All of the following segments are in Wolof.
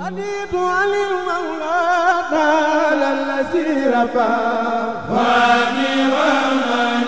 أبيت عن المولى تعالى الذي رفع واني ومن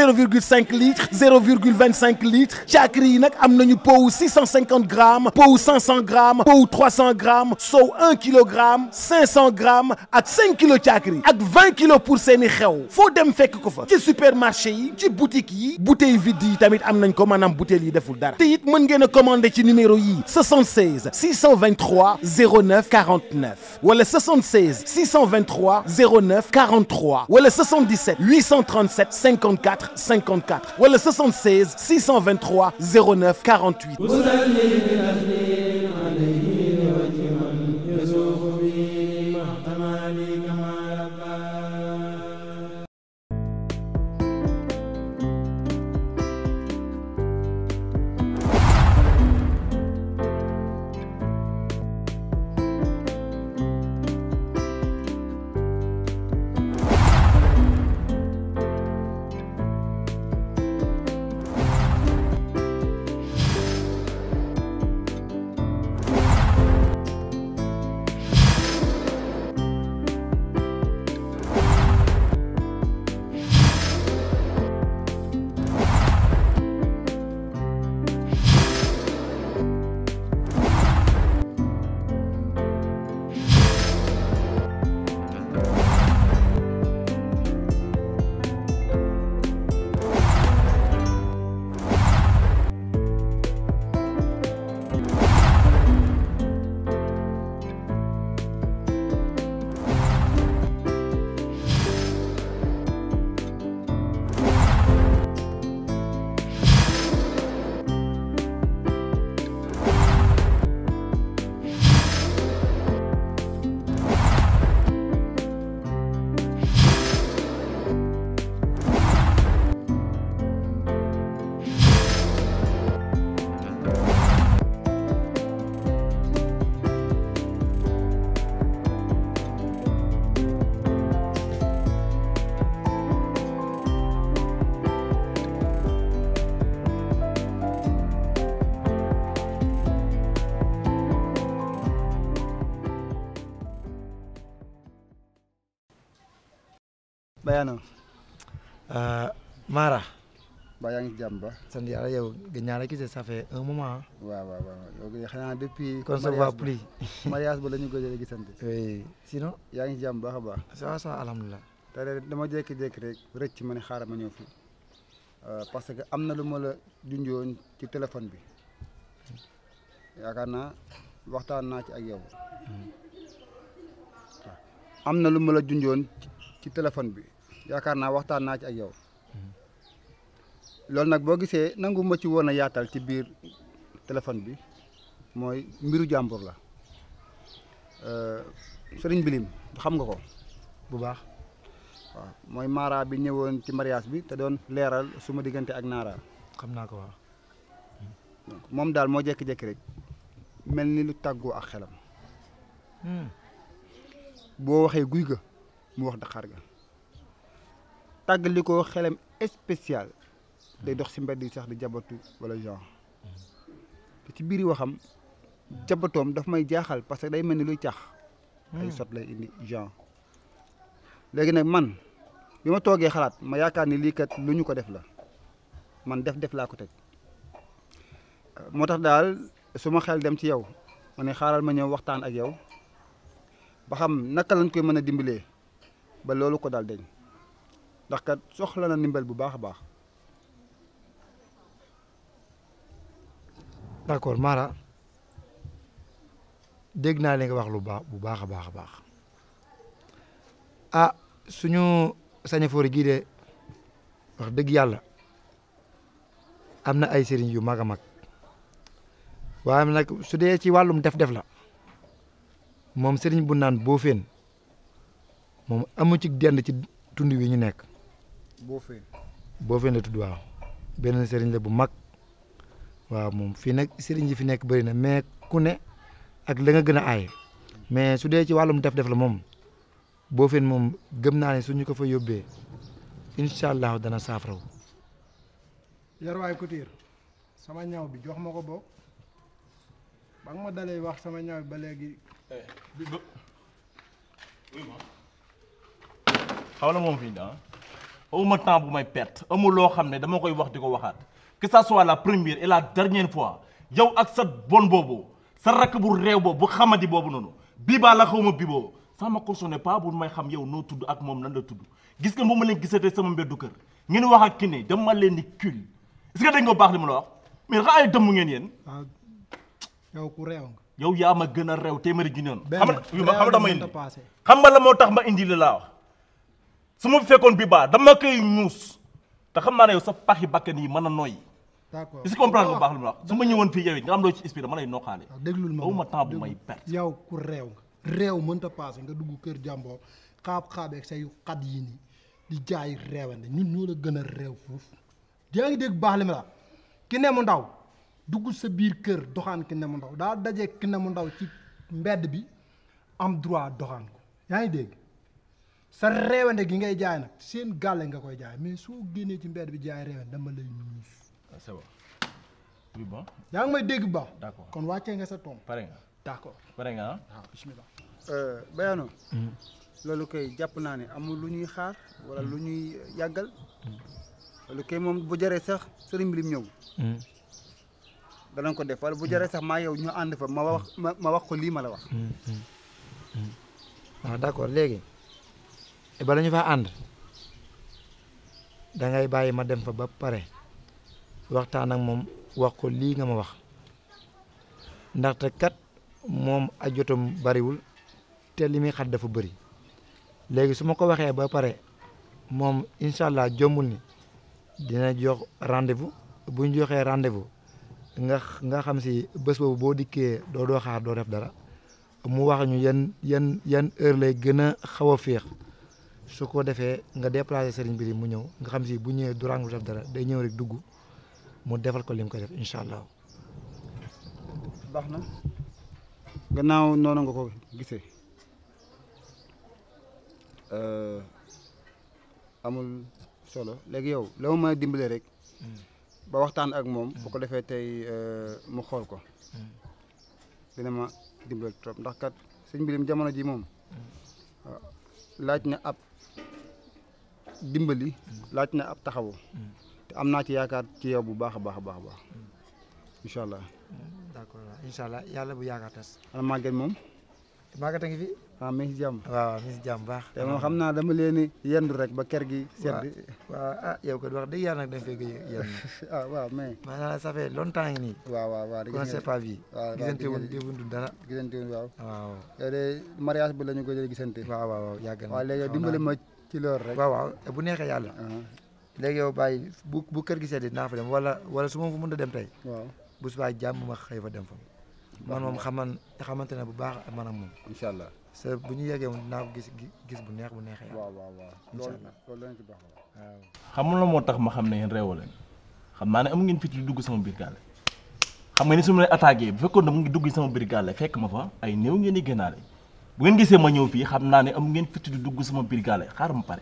0,5 litres 0,25 litres Tchakri n'a 650 grammes pou 500 grammes pou 300 grammes so 1 kg, 500 grammes ak 5 kg Tchakri ak 20 kg pour seni xew Fo dem fekk ko supermarché yi ci boutique yi bouteille vide yi tamit am commandant ko manam bouteille yi deful dara te numéro yi 76 623 09 49 le 76 623 09 43 le 77 837 54 54 ou le 76 623 09 48 jamba sant yàlla yow gën naa la gisee ça fait un moment waaw waaw waaw xanaa depuis qu'on se voit plus mariage ba la ñu gëj a oui sinon yaa ngi jàmm baax a ça ça alhamdulilah te dama jékki rek ma euh, parce que lu ma la ci téléphone bi yaakaar waxtaan naa ci ak yow mm-hmm. am lu ma la ci téléphone bi yaakaar waxtaan naa ci ak yow loolu nak bo gisee nangu ma ci wona yaatal ci biir téléphone bi moy mbiru jambour la euh, serigne bilim xam nga ko bu baax wa moy Mara bi ñewoon ci mariage bi te doon leeral suma digënté ak nara xam na ko waaw. mom dal mo jek jek rek melni lu taggu ak xelam. Hmm. bo waxe guuy ga mu wax ga ko xelam spécial day dox si mbedd yi sax di jabatu wala genre te ci biir waxam jabatoom daf may jaaxal parce que day mel ni luy cax. ay hmm. sot lay indi genre. léegi nag man bi ma toogee xalaat ma yaakaar ni lii kat lu ñu ko def la man def def laa ko teg euh, moo tax daal su ma xel dem ci yow ma ne xaaral ma ñëw waxtaan ak yow ba xam naka lañ koy mën a ba loolu ko daal deñ ndax kat soxla na ndimbal bu baax a baax. d' accord dégg naa li nga wax lu baax bu baax baax a baax ah suñu Sañafoor gii de wax dëgg yàlla am na ay sëriñ yu mag a mag waaye nag su dee ci wàllum def-def la moom sëriñ bu naan boo feen moom amu ci dend ci tund wi ñu nekk. boo la tudd waaw benn sëriñ la bu mag. waaw moom fii nag sëriñ yi fi nekk bëri na mais ku ne ak la nga gën a aaye mais su dee ci wàllum def-def la moom boo fen moom gëm naa ne suñu ko fa yóbbee incha allah dana saafaraw. yarwaay Couture sama ñaw bi jox ma ko boog ba nga ma dalee wax sama ñaw bi ba léegi. Eh, xaw la moom fii ah. amu ma temps bu may perte amul loo xam ne dama koy wax di ko waxaat. que ça soit la première et la dernière fois yow ak sa bon bobo sa rakk bu réew boobu bu xamadi bobu nonu bii la xawma bibo bii boobu sama pas bu may xam yow no tudd ak mom nan la tudd gis nga moom len gissete gisatee sama mbeddu kër ni wax ak Kiné dama len ni cul est-ce que dégg nga baax li ma wax mais nga ay dëmm ngeen yeen ah, yow ku rew nga. yow ya ma gën a réew téeméeri junni ben, xam nga xam nga indi xam nga la moo tax ma indi la wax su ma fekkoon dama kay ñuus te xam naa yow sa paxi bakkan yi mën noy d'accord si comprendre nga baax lu ma wax su ma ñëwoon fii yow it nga am loo ci inspiré ma lay noqaale. Ah, déglul ma ma temps ku réew nga réew mënta paase nga dugg kër jàmboo xaab xaabeeg say xat yi nii di jaay réewande ñun ñoo la gën a réew foofu. yaa ngi dégg baax li ma la ki ne mu ndaw dugg sa biir kër doxaan ki ne mu ndaw daa dajee ki ne mu ndaw ci mbedd bi am droit doxaan ko yaa ngi dégg. sa réewande gi ngay jaay nag seen gàlle nga koy jaay mais soo génnee ci mbedd bi jaay Ah, c'est bon. yaa ngi may dégg ba. d'accord kon wàccee nga sa tomb. pare nga d'accord pare nga ah. waaw ah, euh, hmm. loolu koy jàpp naa ne amul lu ñuy xaar. wala lu ñuy yàggal. Hmm. loolu koy moom bu jaree sax sëriñ bi lim ñëw. Hmm. danañ ko def wala bu jëree sax maa yow ñu ànd fa ma wax ma wax ko lii ma la wax. waaw ah, d'accord léegi. Eh, bala ñu faa ànd. da bàyyi ma dem fa ba pare. waxtaan ak moom wax ko lii nga ma wax ndaxte kat moom ay jotam bariwul te li muy xat dafa bari léegi su ma ko waxee ba pare moom incha allah ni dina jox rendez-vous buñ ñu joxee rendez-vous nga nga xam si bés boobu boo dikkee doo doo xaar doo def dara mu wax ñu yan yan yan heure lay gën a xaw a féex su ko defee nga déplacé sëriñ bi mu ñëw nga xam si bu ñëwee du def dara day ñëw rek dugg mu defal ko li mu koy def incha allah. baax na gannaaw noonu nga ko gisee euh, amul solo léegi yow loo mën a dimbale rek ba waxtaan ak moom bu ko defee tey euh, mu xool ko dina ma dimbale trop ndax kat sëñ bi jamono ji moom laaj na ab dimbali laaj na ab taxawu te am naa ci yaakaar ci yow bu baax a baax a baax a baax hmm. incha allah. yàlla bu yaakaar tas. ana màgget moom. màgget a fi. Ah, waaw mi ngi si jàmm. waaw mi ngi si jàmm baax. te moom xam naa dama leen yendu rek ba ker gi. sedd waaw ah yow ko wax dëgg yàlla nag dañ fee gëj yendu. ah waaw mais. maanaam ça fait longtemps ngi nii. waaw waaw waaw on sait bi la ñu ko gisante. waaw waaw waaw yàgg na waaw ma ci loolu rek. waaw waaw bu neexee yàlla. Ah. léegi yow bàyyi bu bu kër gi di naa fa dem wala wala su ma fu mën a dem tey. waaw bu subaa jàmm ma xëy fa dem fa. man moom xaman xamante ne bu baax ak man ak moom. bu ñu yeggee moom dinaa ko gis gis bu neex bu neexee. waaw waaw waaw loolu loolu lañ ci xam la moo tax ma xam ne yéen réew leen xam naa ne am ngeen fit dugg sama biir gaale xam nga ni su ma lay bu fekkoon ne mu ngi dugg sama biir gaale fekk ma fa ay néew ngeen di gënaale bu ngeen gisee ma ñëw fii xam naa ne am ngeen fit lu dugg sama biir gaale xaar ma pare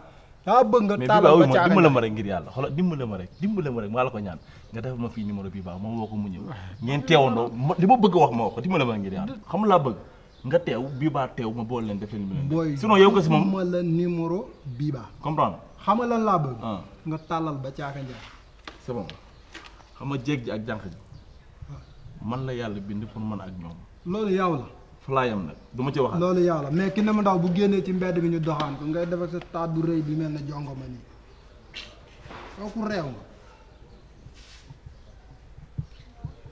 daa bëgg nga taalal ba caaxaan mais dimbale ma rek ngir yàlla xoolal dimbale ma rek dimbale ma la ko ñaan nga defal ma fii numéro bii baax moom woo ma bëgg wax ma wax ko dimbale xam laa bëgg nga teew bii baa teew ma boole leen def leen booy sinon yow ko si moom ma la numéro bii baa comprendre xam nga lan laa bëgg ah. nga tàllal ba caaxaan jaay c'est bon xam nga jéeg ji ak jànq ji man la yàlla bind pour man ak ñoom loolu yow la laa yem nag du ma ci wax loolu yàlla mais ki ne ma ndaw bu génnee ci mbedd bi ñu doxaan ko ngay def ak sa taat rëy bi mel ne jongoma nii kooku réew nga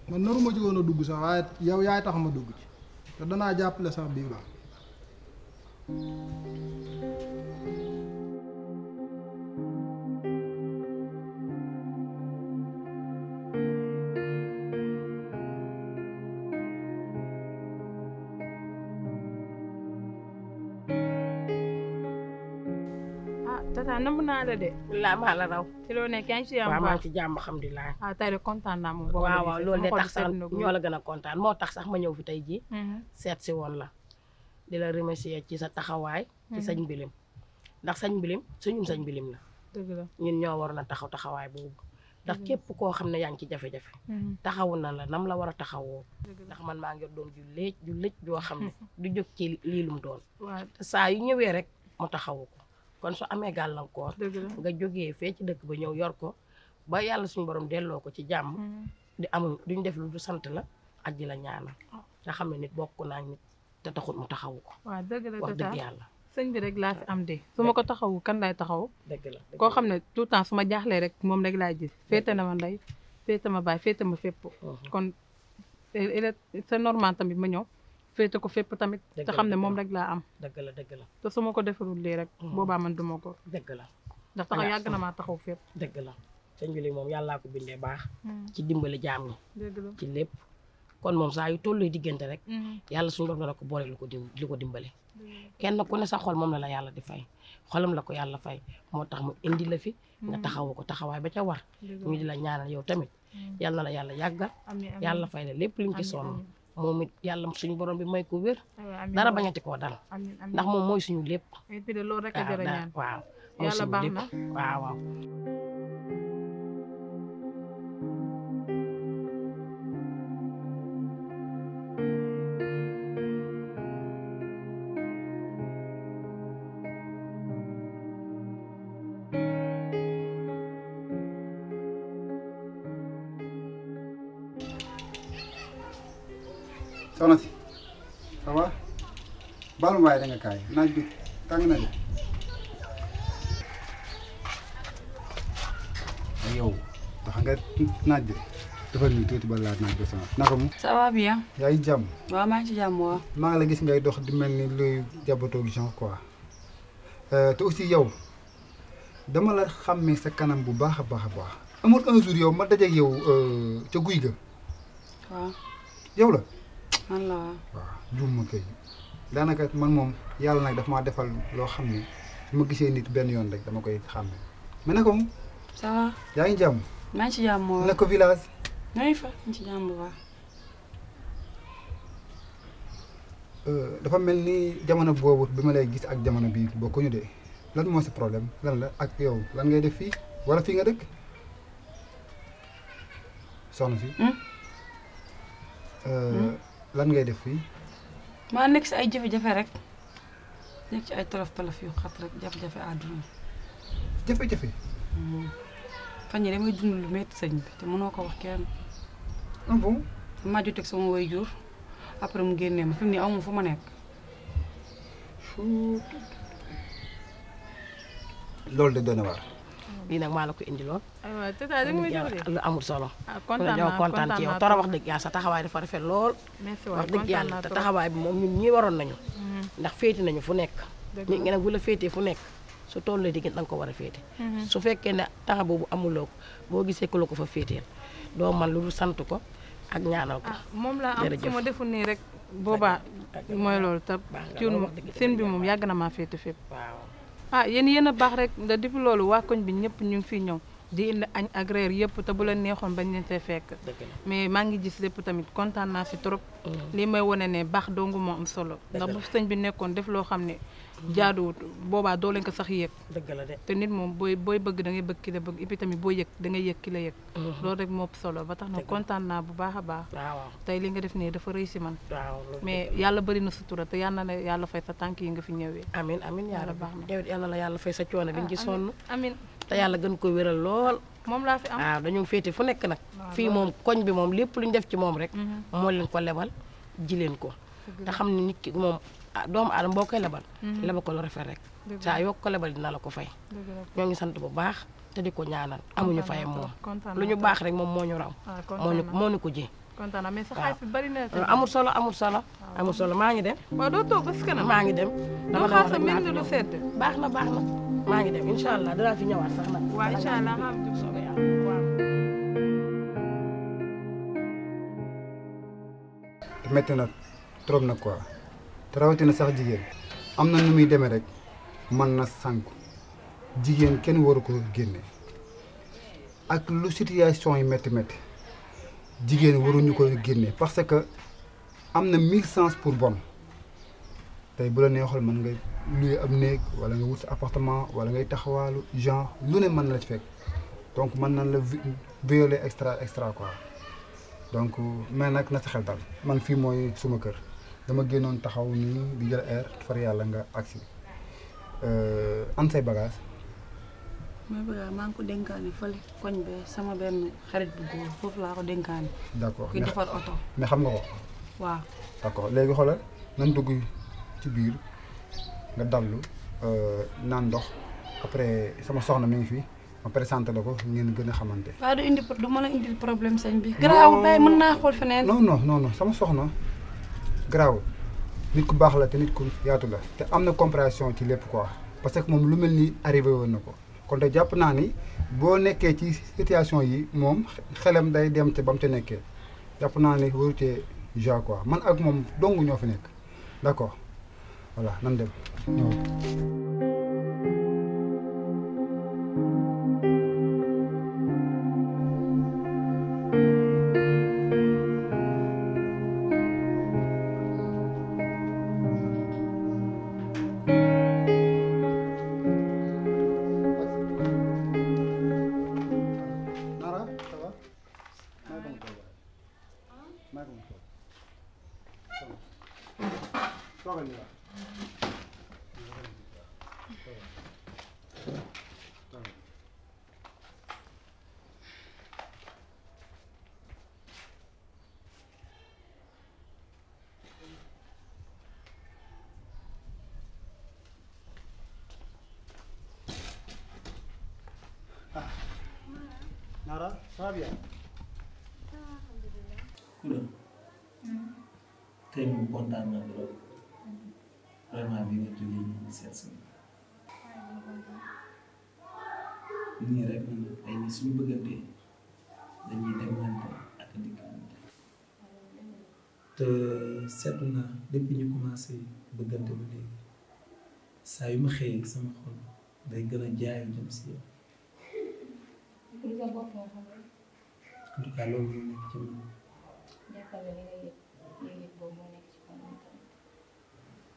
man naru ma ci woon a dugg sax waaye yow yaay tax ma dugg ci te danaa jàppale sax bii tata namm naa la de. loo nekk yaa ngi ci jàmm waaw ah, kontaan naa moom. waaw waaw loolu de tax sax la gën a kontaan moo tax sax ma ñëw fi tey jii. Mm-hmm. seet si woon la. di la remercier ci sa taxawaay. ci sañ mm-hmm. mbilim ndax sañ mbilim suñu sañ mbilim na dëgg ñun ñoo waroon a taxaw taxawaay boobu. ndax képp koo xam ne yaa ngi ci jafe-jafe. Mm-hmm. taxawu na la nam la war a taxawoo. ndax man maa ngi doon ju lëj ju lëj joo xam ne. du jóg ci lii lum doon. te saa yu ñëwee rek mu taxawu kon su amee gàllankoor nga jógee fee ci dëkk ba ñëw yor ko ba yàlla suñu borom delloo ko ci jàmm mm-hmm. di amul duñ def lu du sant la ak di la ñaanal oh. te xam ne nit bokk naa nit te taxul mu taxawu ko waaw dëgg la yàlla sëñ bi rek laa fi am de su ma ko taxawu kan lay taxaw dëgg la koo xam ne tout le temps su ma jaaxlee rek moom rek laay gis féete na ma ndey féete ma baay féete ma fépp uh-huh. kon c'est normal tamit ma ñëw féete ko fépp tamit. te xam ne moom rek laa am. dëgg la dëgg la te su ma ko defarul lii rek. Mm-hmm. boobaa man duma ko. dëgg la ndax taxaw yàgg na maa taxaw fépp. dëgg la sëñ bi moom yàllaa ko bindee baax. Mm. ci dimbali jaam ñi. la lépp. kon moom saa yu tolluy diggante rek. Mm-hmm. yàlla suñu borom la ko boole lu ko dim lu ko dimbali. kenn ku ne sa xol moom la la yàlla di fay xolam la ko yàlla fay moo tax mu indi la fi. nga mm-hmm. taxawu ko taxawaay ba ca war. ñu di la ñaanal yow tamit. yàlla la yàlla yàggal. yàlla fay la lépp luñ ci sonn. moom it yàlla suñu borom bi may ko wér. dara bañati koo dal. ndax moom mooy suñu lépp. Ah, waaw waaw. mooy suñu lépp waaw waaw. kaay naaj bi tàng na de. ak yow ndax nga naaj bi defal ñu ba laaj naaj naka mu. ça yaa ngi jàmm. waaw maa ngi la gis ngay dox di mel ni luy jabatoo gi genre euh, te aussi yow dama la xàmmee sa kanam bu baax a baax a baax. amul un jour yow ma dajeeg yow euh, ca guy ga. waaw. yow la. man la waaw. waaw ma kay. danaka man mom yalla nak daf ma defal lo xamni ne su ma gisee nit ben yon rek dama koy xamé mais nakum ça va. ya ngi jam ma ci jam mo baax naka village. ngay fa ngi ci jam bu euh dafa melni jamono bobu bima lay gis ak jamono bii bokkuñu de lan mo ci problème lan la ak yow lan ngay def fi wala fi nga dëkk soxna fi hmm? euh, lan ngay def fi maa nekk si ay jafe-jafe rek nekk ci ay tolof tolof yu xat rek jafe-jafe àdduna jafe-jafe hmm. fan yi damay dund lu métti sëñ bi te mënoo ko wax kenn ah bon maa joteeg sama waajur après mu génnee ma fi mu aw ma fu ma nekk loolu de doon a waar lii nag maa la ko indiloon. aywa ah tata da nga ma jox lu amul solo. ah kontaan naa yow toro wax dëgg yàlla sa taxawaay dafa rafet lool. merci wax dëgg yàlla te taxawaay bi moom ñun ñii waroon nañu. Mhm. ndax féete nañu fu nekk. dëgg nit nga nag la féetee fu nekk su tool la diggante da ko war a féete. Mhm. su fekkee ne taxa boobu amuloo ko boo gisee ko la ko fa féeteel doo man lu sant ko ak ñaanal ko. Ah, moom laa am su ma deful nii rek boobaa mooy loolu tab. waaw bi moom yàgg na maa féete fépp. ah yéen yéen a baax rek da depuis loolu waa koñ bi ñëpp ñu ngi fiy ñëw di indi añ ak reer yëpp te bu la neexoon bañ leen see fekk mais maa ngi gis lépp tamit kontaan naa si trop lii may wane ne baax dongu moo am solo ndax bu sëñ bi nekkoon def loo xam ne jaaduwut boobaa doole leen ko sax yëg dëgg la de te nit moom booy booy bëgg da ngay bëgg ki la bëgg et puis tamit boo yëg da ngay yëg ki la yëg loolu rek moo ëpp solo ba tax na kontaan naa bu baax a baax tey li nga def nii dafa rëy si man mais yàlla bëri na sutura te yàlla na yàlla fay sa tànk yi nga fi ñëwee amin amin yàlla baax na yàlla la yàlla fay sa coono bi ñu ah, ci sonn amin te yàlla gën koo wéral lool moom laa fi waaw ah, dañoo féete fu nekk nag fii moom koñ bi moom lépp lu ñu def ci moom rek mhm. moo leen ko lebal ji leen ko te xam ni nit ki moom ah, doom aadama boo lebal mhm. lebal ko rafet rek saa yoo lebal dina la ko fay ñoo ngi sant bu baax te di ko ñaanal amuñu fayam moom lu ñu baax rek moom moo ñu raw ah, moo ñu moo ñu ko ji kontaan na bari na amul solo amul solo amul solo maa ngi dem waaw doo maa ngi dem dama xaar sa mel ni lu sedd baax na baax na maa ngi dem incha allah dinaa fi ñëwaat sax nag metti nag trop nag quoi te rawatina sax jigéen am na nu muy demee rek mën na sànku jigéen kenn waru ko génne ak lu situation yi métti métti jigéen waruñu ko génne parce que am na mille sens pour bon tey bu la neexoon mën nga luye ab néeg wala nga wut sa wala ngay taxawaalu genre lu ne mën na la ci fekk donc man nañ la violer extra extra quoi donc mais nag na sa xel dal man fii mooy suma kër dama génnoon taxaw nii di jël air far yàlla nga agsi euh, an say bagage mooy bagage maa ngi ko dénkaane sama benn xarit bu góor foofu laa ko dénkaane d'accord mais xam nga ko waaw d'accord léegi xoolal nan dugg ci biir nga dallu euh, naan ndox après sama soxna mi ngi fi ma présenté la ko ngeen gën a xamante. waaw du indi du ma la indil problème sëñ bi. garaawul bàyyi mën naa xool feneen. non non non non sama soxna garaawul nit ku baax la te nit ku yaatu la te am na compréhension ci lépp quoi parce que moom lu mel ni arrivé woon na ko kon te jàpp naa ni boo nekkee ci situation yi moom xelam day dem te ba mu ca nekkee jàpp naa ni waru cee joué quoi man ak moom dong ñoo fi nekk d'accord voilà nan dem ñëw. importante para, para a minha vida, para mim, se rek man ay ni suñu bëggante dañuy demante ak dikkante te seetlu naa depuis ñu commencé bëggante ba léegi saa yu ma xëyee sama xol day gën a jaayu jëm si yow en tout cas loolu moo nekk ci man li yëg yëg boobu moo nekk ci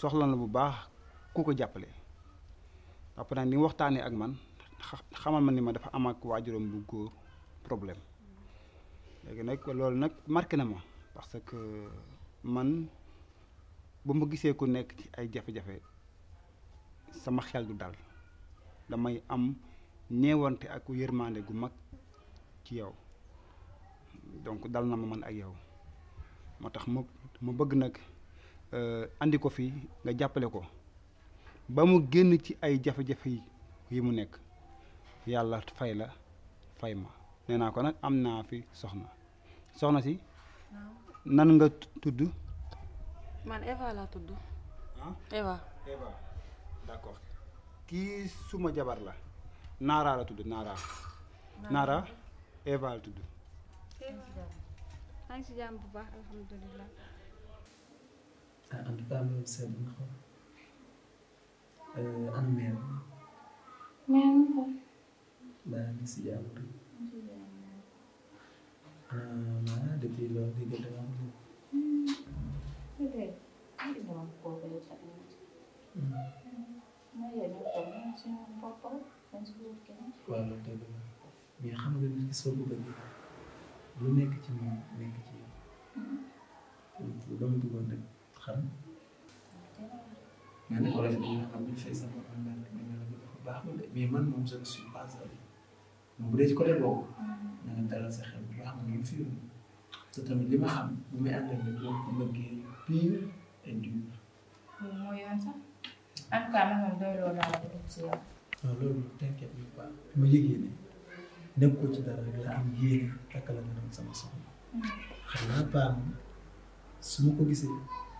soxla na bu baax ku ko jàppale après nag ni waxtaanee ak man xamal ma ni ma dafa am ak waajuram bu góor problème léegi nag loolu nag marqué na ma parce que man bu ma gisee ku nekk ci ay jafe-jafe sama xel du dal damay am ñeewante ak yërmande gu mag ci yow donc dal na ma man ak yow moo tax ma ma bëgg nag. indi euh, ko fii nga jàppale ko ba mu génn ci ay jafe-jafe yi mu nekk yàlla fay la fay ma nee naa ko nag am naa fi soxna soxna si nan nga tudd man Eva laa tudd ah? Eva Eva kii suma jabar la Naara la tudd Naara Naara Eva la tudd أنا بعمل مسابقة أنا مين مين بعمل سيامري أنا معاه دبي لو دي قدام waaw dëgg la mais xam nga nit ki soo ko bëggee lu nekk ci moom nekk ci yow hmm. dama bëggoon rek kamu yani xoolal bi nga xam ne fay sa bopp ndànk da nga la dafa baax ba de mais man moom je ne suis pas allé moom bu dee ci côté boobu na nga dalal sa xel bu baax ma ngi fi te tamit li ma xam bu may àndal ni boo ko bëggee pire et dur. mooy yoon sax en tout cas ci dara la am yéene takk nga sama soxna. xam naa pas su ma ko gisee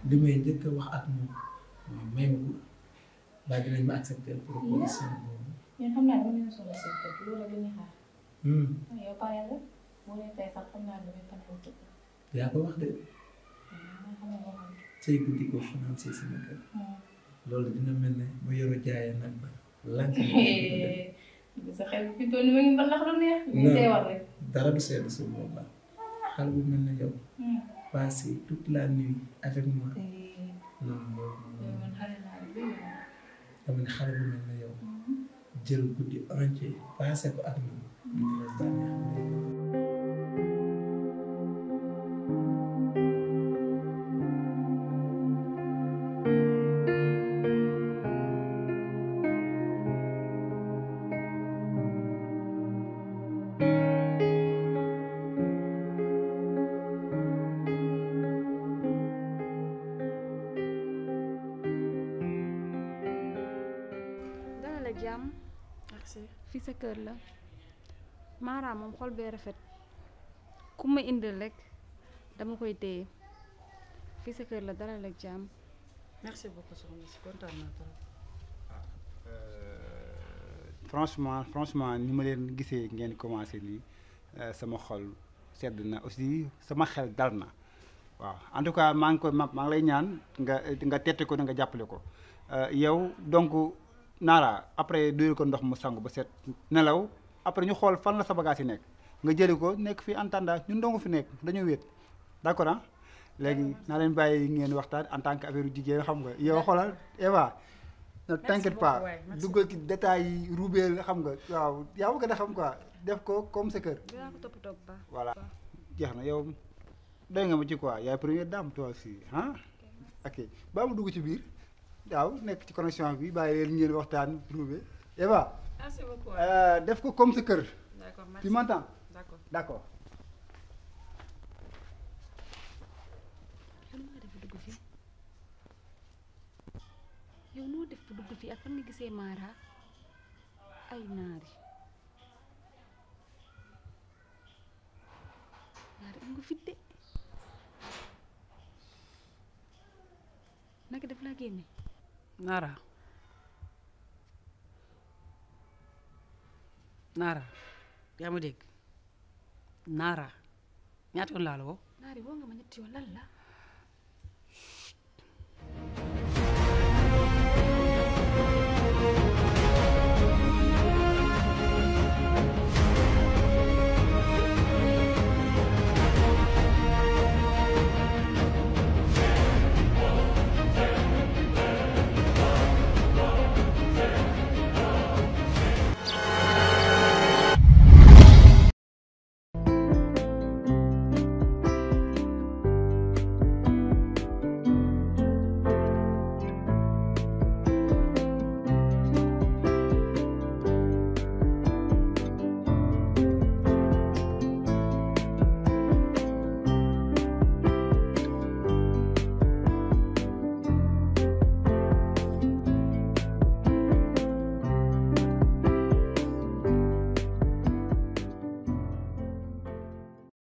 limay may wax ak moom waaw may ma dinañ ma accepté proposition boobu. xam naa dama leen soxla si loolu la ñuy xaar. Hmm. Ah, yow pare la boo lay tey sax xam naa dama dafay pare ci yaa ko wax de. cay ah, di ko financé hmm. loolu dina bu ba lank. sa xel fi doon ma ngi lu neex. passé tout la nuit avec moi. dama ne xale bu ne yow. Mhm. jël guddi entier passé ko ak man. Mhm. ma indil rek dama koy téye fii sa kër la dalal ak jàmm. merci beaucoup soxna si kontaan naa trop. Ah, euh, franchement franchement ni ma leen gisee ngeen commencé nii euh, sama xol sedd na aussi sama xel dal na waaw en tout cas maa ngi koy ma maa ngi lay ñaan nga nga tette ko nga jàppale ko euh, yow donc Nara après duyul ko ndox mu sangu ba set nelaw après ñu xool fan la sa bagage yi nekk nga jëli ko nekk fi entendant ñun dong fi nekk dañu wéet d' accord ah léegi na leen bàyyi ngeen waxtaan en tant que affaire jigéen xam nga yow xoolal Eva na t'inquiète pas duggal ci détails yi ruubeel xam nga waaw yaa bëgg gën a xam quoi def ko comme sa kër voilà jeex na yow doy nga ma ci quoi yaay première dame toi aussi ah ok ba mu dugg ci biir waaw nekk ci connexion bi bàyyi leen ngeen waxtaan ruubee Eva merci beaucoup. Euh, def ko comme sa kër tu m'entends d'accord kan yow noo def dugg fii ak fan gisee Mara ay naari naari am nga fitte naka def laa Nara Nara yaa ma Naara ñaata yoon laa la Naari woo nga ma ñetti yoon lan la.